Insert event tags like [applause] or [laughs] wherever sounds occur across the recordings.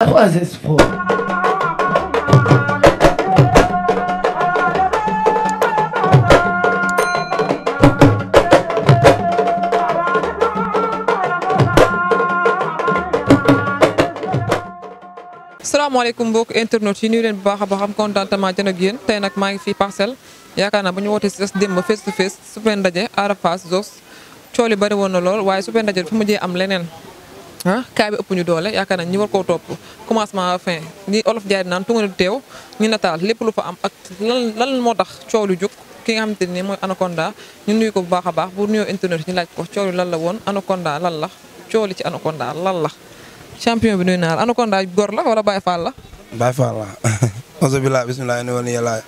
That was his mbokk internet yi nuyu leen bu baax a baax am contentement jën ak yéen tey nag maa ngi fii parcelle yaakaar naa ba ñu woote si des démb face to face su feen ndaje Ada Fass woon na lool waaye su feen ndaje mujjee am leneen ah kaa bi ëpp ñu doole yaakaar nañ ñi war koo topp commencement à fin ni olof jaay naan tunga du teew ñu nataal lépp lu fa am ak lan moo tax coow lu jóg ki nga xamante ni mooy Anaconda ñu nuyu ko bu baax a baax bu nuyoo internet ñu laaj ko coow lu lan la woon Anaconda lan la coow li ci Anaconda lan la champion bi nuyu naa la Anaconda góor la wala Baye Fall la. Baye Fall la [laughs] auzu billaahi bismillaahi ni woon yàlla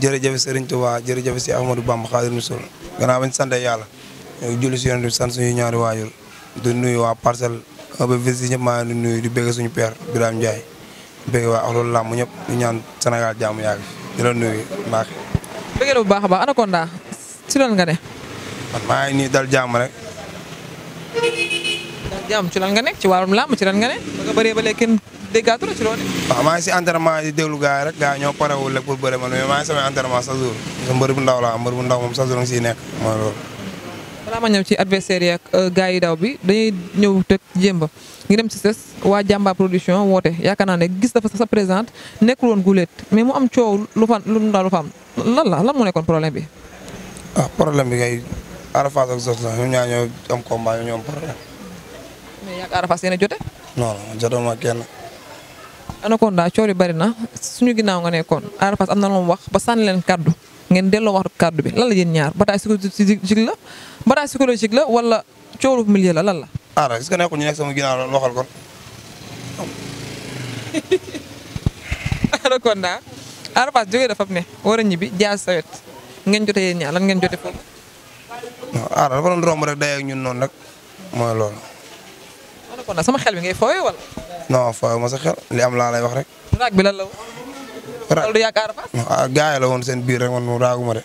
jërëjëf Serigne Touba jërëjëf si Ahmadou Bamba Xaadimu Rasuul gannaaw bañ sant yàlla julli si yoon bi sant suñu ñaari waajur di nuyu waa parcelle ba bés yi ñëpp maa nuyu di bëgg suñu père Birame Ndiaye di bëgg waa ak loolu làmb ñëpp di ñaan Sénégal jàmm yàgg di la nuyu Mbacke. bëgg na bu baax a baax Anaconda si lan nga ne. man maa nii dal jàmm rek. dal jàmm ci lan nga nekk ci wàllum làmb ci lan nga ne ba nga bëree ba ngi si entraînement di déglu gars yi rek gars yi ñoo parewul rek pour bëre man mais maa ngi samay entraînement chaque jour. mbër bu ndaw la mbër bu ndaw moom chaque jour nga siy nekk mooy loolu balaa ma ñëw ci adversaire ya ak euh, gars yi daw bi dañuy ñëw teg jémba ngi dem ci ses waa jàmba production woote yaakaar naa ne gis dafa sa présente nekkul woon guléet mais mu am coow lu fa lu ndaw lu fa am lan la lan mu nekkoon problème bi. ah problème bi ngay Arafas ak Zos la ñoom ñoo am combat ñoo am problème. mais yaa Arafas yéen a jote. non non jotoo ma kenn. Anaconda coow li bari na suñu ginnaaw nga nekkoon Arafas am na lu wax ba sànni leen kàddu ngeen delloo wax kàddu bi lan la yéen ñaar bataille psychologique la bataille psychologique la wala coowlu milieu la lan la. ah est-ce que nekkul ñu nekk sama ginnaaw waxal kon. Anaconda Arafas jógee dafa ne ngeen jotee yéen ñaar lan ngeen jotee foofu. waaw Aara dafa doon romb rek dayoo ak ñun noonu rek mooy loolu. sama xel bi ngay fooyee wala. non fooyee ma sa xel li laa lay wax rek. raag bi lan la raag du yàgg Arafas. Ah, gaa la woon seen biir rek man moom raaguma de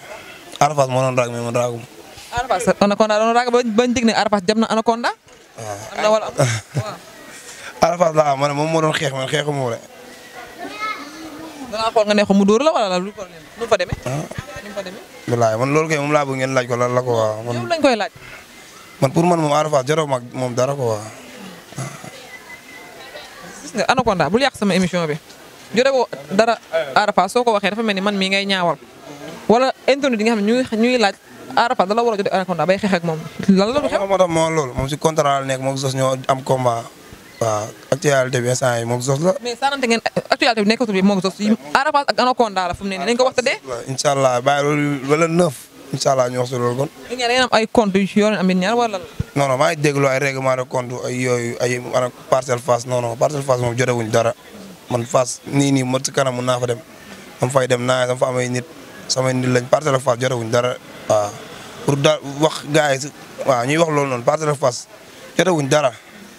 Arafas moo doon raag mais man raaguma. Arafas anaconda doon raag bañ dig ne Arafas jam na anaconda. am ah. na wala waaw. [laughs] Arafas laa ma ne moom moo doon xeex man xeexu ma ko da nga ne ko mu dóor la wala lu problème nu fa demee. nu ah. fa demee. wallaahi man loolu kay moom laa bëgg ngeen laaj ko lan la ko waaw. man yow lañ koy laaj. man pour man moom Arafas jaroo mag moom dara ko waaw. gis bu anaconda bul sama émission bi. jotewoo dara Arafa soo ko waxee dafa mel ni man mii ngay ñaawal wala internet yi nga xam ne ñuy ñuy laaj Arafa da la war a jote Anaconda bay xeex ak moom lan la du xew moo tax moo loolu moom si contrat la nekk moom Zos ñoo am combat waaw actualité bi instant yi moom Zos la mais saanante ngeen actualité bi nekkatul bi moom Zos yi Arafa ak Anaconda la fu mu ne nii nañ ko wax te dee incha allah bàyyi loolu wala neuf incha allah ñu wax si loolu kon da ngeen am ay compte yu yoon am ñaar wala non non maa ngi déglu ay règlement de compte ay yooyu ay Parcelles Fass non non Parcelles Fass moom jotewuñ dara man Fass nii nii ma ci kanam mun naa fa dem dama fay dem naa dama fa amay nit samay nit lañ Parcelles ak Fass jotewuñ dara waaw pour da wax lool yi waaw ñuy wax loolu noonu Parcelles ak Fass jotewuñ dara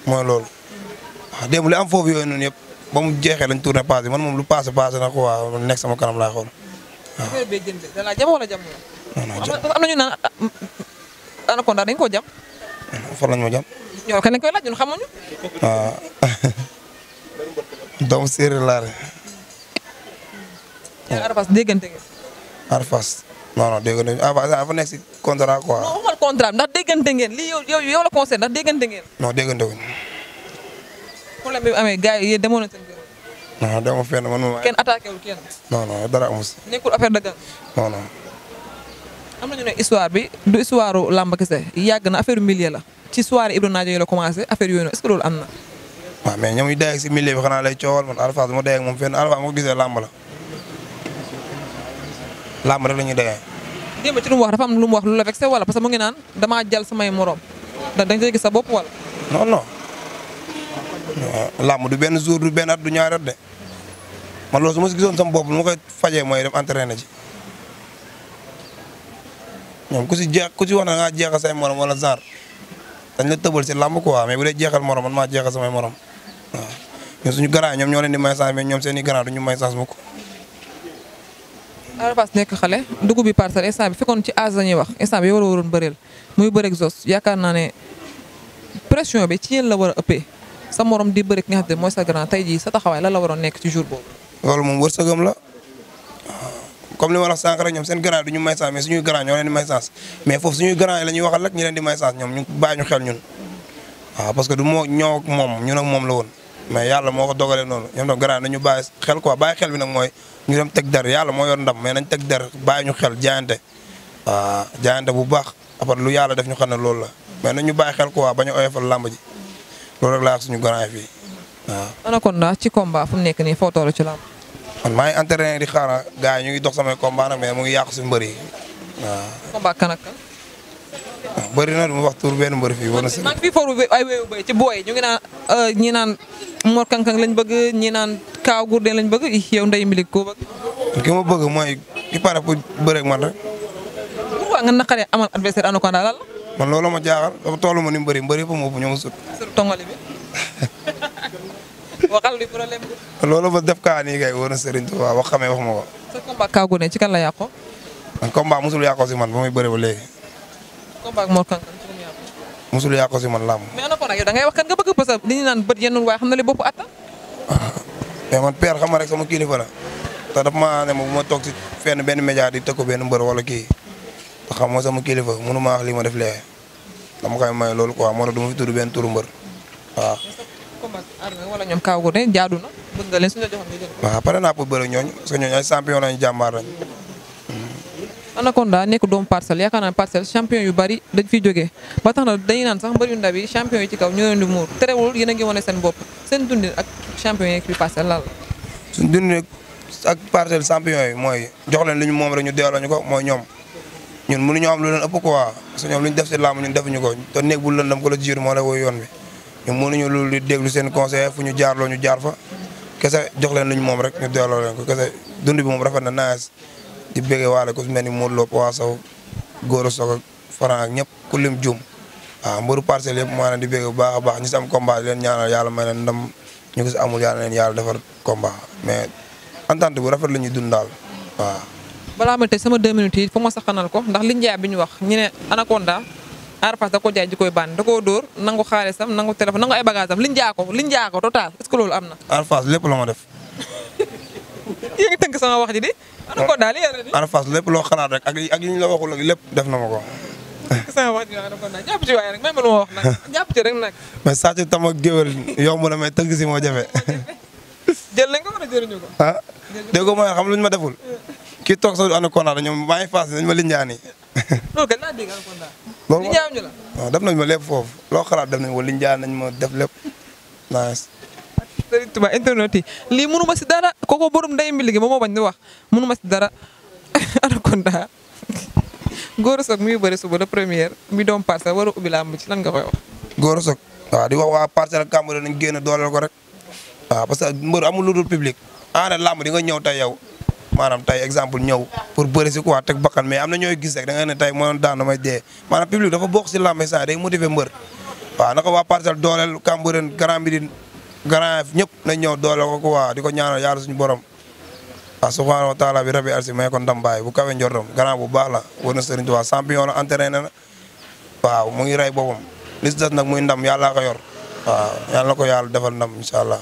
mooy loolu waaw démb li am foofu yooyu noonu yëpp ba mu jeexee lañ tourné man moom lu passé passé na ko waaw nekk sama kanam laa xool waaw. danaa jàpp wala jàpp am na ñu naan ah, Anaconda dañ koo jàpp. fan lañ ma jàpp. ñoo kan lañ koy laaj ñun xamuñu. Ah. [laughs] doomu séeréer laa de. Arfas déggante ngeen. Arfas non non dégg nañu Arfas dafa nekk contrat quoi. non déggante ngeen lii la conseil ndax déggante ngeen. non déggante wuñ. problème bi amee gars yi demoon na seen kër. non demoo fenn man ma. kenn attaqué wul kenn. bi du histoire làmb kese yàgg na affaire milieu la ci soirée Ibro Ndiaye la commencé affaire yooyu noonu est que loolu am na. waaw mais ñoom ñu dee ak si milieu bi xanaa lay coowal man Alpha du ma dee ak moom fenn Alpha moo ko lu mu wax dafa am lu mu wax lu la vexé wala parce que mu ngi naan damaa jël samay morom da nga see gis sa bopp wala. non làmb du benn jour du benn at du ñaari su ma si gisoon sama bopp lu koy fajee mooy dem entraîné ci ñoom ku si jeex ku si wax na ngaa jeexal say morom wala genre dañ la tëbal si làmb bu dee jeexal morom man maa jeexal samay morom. waaw mais suñu ñoom ñoo leen di may saas mais ñoom seen i garaan duñu may saas mukk Ada Fass nekk xale dugub bi parcelle instant bi fekkoon ci âge la ñuy wax instant bi yow la waroon bëreel muy bëreeg Zoss yaakaar naa ne pression bi ci yéen la war a ëppee sa morom di bëri ki nga xam ne mooy sa grand tey jii sa taxawaay la la waroon nekk ci jour boobu. loolu moom wërsëgam la comme ñoom seen grand du ñu may saas mais suñuy grand ñoo leen di may saas mais foofu suñuy grand yi la ñuy waxal rek ñu leen di may saas ñoom ñu ñu xel ñun waaw parce que du moo ñoo moom ñun ak moom la woon. mais yàlla moo ko dogalee noonu ñoom tam grand nañu bàyyi xel koo bàyyi xel bi nag mooy ñu dem teg der yàlla moo yor ndam mais nañ teg der bàyyi ñu xel jaayante waaw jaayante bu baax après lu yàlla def ñu xam ne loolu la mais nañ ñu bàyyi xel quoi bañ a oyofal làmb ji loolu rek laa wax suñu grand fii waaw. Anaconda ci combat mu nekk nii foo ci làmb. man maa ngi entraîné di xaar gars yi ñu ngi dox samay combat nag mais mu ngi yàq suñu mbër bari na du ma wax tur benn mbër fii war na si. man fii foofu ay wéyu bay ci booy ñu ngi naan euh, ñi naan Mor Kankang lañ bëgg ñi naan Kaaw Gourdin lañ bëgg yow Ndeye Mbilik koo bëgg. ki ma bëgg mooy ki pare pour bëre ak man rek. pourquoi nga naqaree amal adversaire Anaconda lan la. man loolu ma jaaxal dafa toll ma ni mbëri mbëri yëpp moo ëpp ñoom sut. sut bi. [laughs] waxal li def kaa nii kay wóor na Serigne Touba wax xamee wax ma ko. ci kan la yàqoo. man combat mosul man ba léegi combat ak Mor Kankan ci lu mu yàqu. man làmb. mais da ngay wax kan nga bëgg parce que li ñu naan bët yenn waaye xam na li bopp attan. Ah, mais man père xam nga rek sama kilifa la te ma bu ma toog si fenn benn média di tëkku benn mbër wala kii te xam sama kilifa mënu ma ma def lee dama koy may loolu quoi moo tax du ma fi tudd benn turu mbër waaw. jaadu na bëgg nga pare naa pour bëri ñooñu parce que ay champion lañu jàmbaar Anaconda nekk doomu parcelle yaakaar naa parcelle champion yu bari dañ fiy jógee ba tax na dañuy naan sax mbëri ndaw yi champion yi ci kaw ñoo leen di muur terewul yéen a ngi wane seen bopp ak champion yi ci parcelle la. suñ dundin parcelle champion yi mooy jox leen lu ñu moom rek ñu delloo ñu ko mooy ñoom ñun mënuñoo am lu leen ëpp quoi parce que ñoom def si làmb ñun defuñu ko te néeg bu lëndam ko la jiir moo la woy yoon bi ñun mënuñu déglu seen conseil fu ñu jaarloo ñu jaar fa kese jox leen lu moom rek ñu delloo leen ko kese dund bi moom rafet na naas di bëggee waale ko si mel ni Modou Lo Papa Sow Goro Sock ak ñëpp ku lim juum waaw mbëru parcelles yëpp maa leen di bëggee bu baax baax ñu si am combat leen ñaanal yàlla may leen ndam ñu ko si amul yàlla leen yàlla defar combat mais entente bu rafet la ñuy dund daal waaw. balaa ma tey sama deux minutes yi fa ma saxanal ko ndax liñ jaay bi ñu wax ñu ne Anaconda Arfas da ko jaay ji koy bànn da koo dóor nangu xaalisam nangu téléphone nangu ay bagage am liñ jaay ko liñ jaay ko total na. Arfas lépp la ma def. [laughs] sama wax ji di. Ada Fass lépp loo xalaat rek ak ak li ñu la waxul ak lépp def na ma ko. sama wax ji Ada Fass nag jàpp ci waaye rek même lu ma wax nag jàpp ci rek nag. [laughs] mais saa ci tam ak géwél yomb na mais tënk si moo jafe. [laughs] jël nañ ko wala jëriñu ko. ah dégg nga mooy xam luñ ma deful. kii toog sax du ànd kontaan ñoom maa ngi Fass dañ ma linjaani. [laughs] loolu kat laa dégg ànd kontaan. loolu waaw def nañ ma lépp foofu loo xalaat def nañ ma linjaan nañ ma def lépp. nice sëriñ Tuubaa internet yi lii mënu ma si dara kooku borom nday mbi liggéey ba moo bañ di wax mënu ma si dara [laughs] Anaconda Gora Sock muy bëri suba la première mi doom parcelle war a ubbi làmb ci lan nga koy wax. Gora Sock waaw di wax waa parcelle Cambérène nañ génn dooleel ko rek waaw parce que mbër amul lu dul public ah ren làmb nga ñëw tey yow maanaam tey exemple ñëw pour bëri si quoi teg am na ñooy gis rek da nga ne tey moo daan damay dee maanaam public dafa bokk si làmb saa day motiver mbër waaw naka waa parcelle grand ñëpp nañ ñëw doole ko quoi di ko ñaanal yàlla suñu borom waaw ah, subhaanahu wa taala bi rabi arsi may ko ndambaay bu kawe njortam grand bu baax la war na Serigne Touba champion la waaw mu ngi rey boppam li si des nag muy ndam yàlla ko yor waaw yàlla na ko yàlla defal ndam incha allah.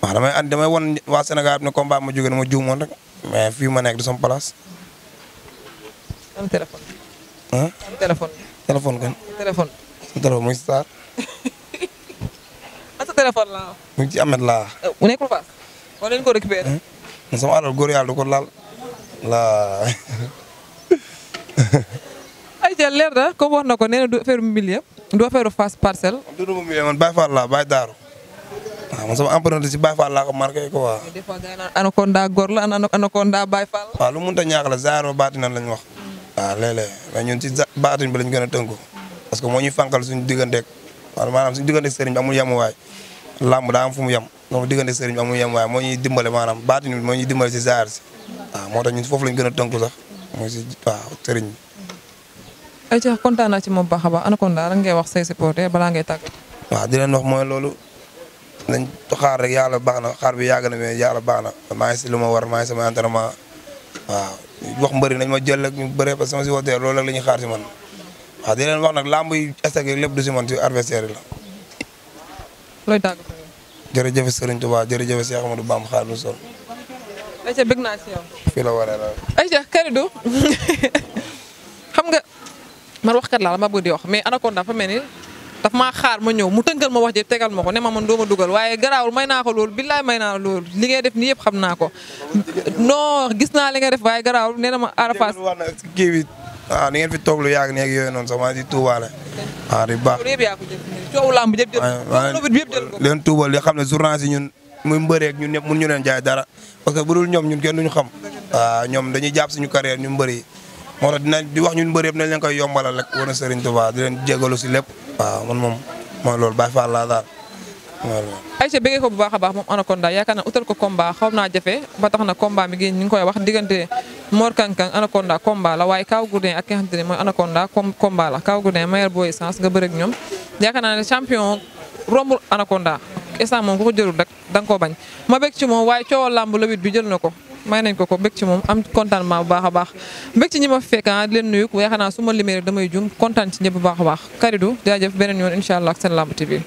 waaw damay and damay wan waa Sénégal bi ne combat ma jógee ma juumoon rek mais fii ma nekk di sama place. am téléphone kan. téléphone. mu ngi si laa. [laughs] Ah, mu ngi ci euh, mu sama alal góor du ko laal. laa. [laughs] ayca leer na comme wax ko nee du affaire millier parcelle. du ma millier man Baye Fall laa Baye Darou. waaw ah, man sama empreinte si Baye Fall laa ko marqué quoi. des fois gars yi naan Anaconda góor la Anaconda lu mu mënta la zaayaaroo baati nan wax. waaw ah, léeg-léeg mais ñun ci baatuñ ba lañ gën a tënku parce que moo ñuy fànqal suñu digganteeg maanaam suñu digganteeg sëriñ bi amul yemuwaay làmb daa am fu mu yem moom digganteeg sëriñ bi amul yemuwaay moo ñuy dimbale maanaam baatuñ bi moo ñuy dimbale si zaar ah, si moo tax ñun foofu lañ gën a tënku sax mooy si waaw sëriñ bi ay ci kontaan naa ci moom baax a baax Anaconda lan ngay wax say supporter balaa ngay tàgg waaw di leen mooy loolu nañ xaar rek yàlla baax na xaar bi yàgg na mais yàlla baax na maa si lu ma war maay ngi sama entraînement waaw wax mbëri nañ ma jël ak ñu bëree parce que sama la ñuy xaar si man waaw di leen wax nag làmb yi stagé lépp du si man si adversaire yi la. looy tàggatoo. jërëjëf Serigne Touba jërëjëf Cheikh Amadou Bamba xaaral sol. ayca bëgg naa si yow. fii la waree la. ayca Kalidou [laughs] xam nga man waxkat laa la ma bëgg di wax mais Anaconda dafa ni daf ma xaar ma ñëw mu tënkal ma wax jëpp tegal ma ko ne ma man doom ma dugal waaye garaawul may naa ko loolu billaay may naa loolu li ngay def nii yëpp xam naa ko noo gis naa li nga def waaye garaawul nee na ma Arafat kii bi waaw ni ngeen fi toog lu yàgg neeg yooyu noon sax maa di tuubaale waaw di baax coow lamb yëpp jël leen tuubal li xam ne journaliste yi ñun muy mbëreeg ñun ne mun ñu leen jaay dara parce que bu dul ñoom ñun kenn duñu xam waaw ñoom dañuy jàpp suñu carrière ñun mbëri yi dinañ di wax ñun mbëri yëpp nañ leen koy yombalal rek war a Serigne Touba di leen jégalu si lépp waaw man moom mooy loolu Baye Fall laa daal Aïcha bëggee ko bu baax a moom Anaconda yaakaar naa utal ko combat xaw naa jafe ba tax na combat bi ngi ñu ngi koy wax diggante Mor Kang Kang Anaconda la waaye Kaw Gourdin a ki nga xamante ne mooy Anaconda combat la Kaw Gourdin meilleur boy sens nga bëre ak ñoom yaakaar naa ne champion rombul Anaconda instant moom ku ko jëlul rek da nga koo bañ ma bëgg ci moom waaye coowal làmb la bi jël na ko may nañ ko ko bëgg ci moom am contentement bu baax a baax bëgg ci ñi ma fekk ah, leen nuyu waaye xanaa su damay jum kontaan ci ñëpp baax a baax Karidou jaajëf beneen yoon incha ak seen Lamb TV.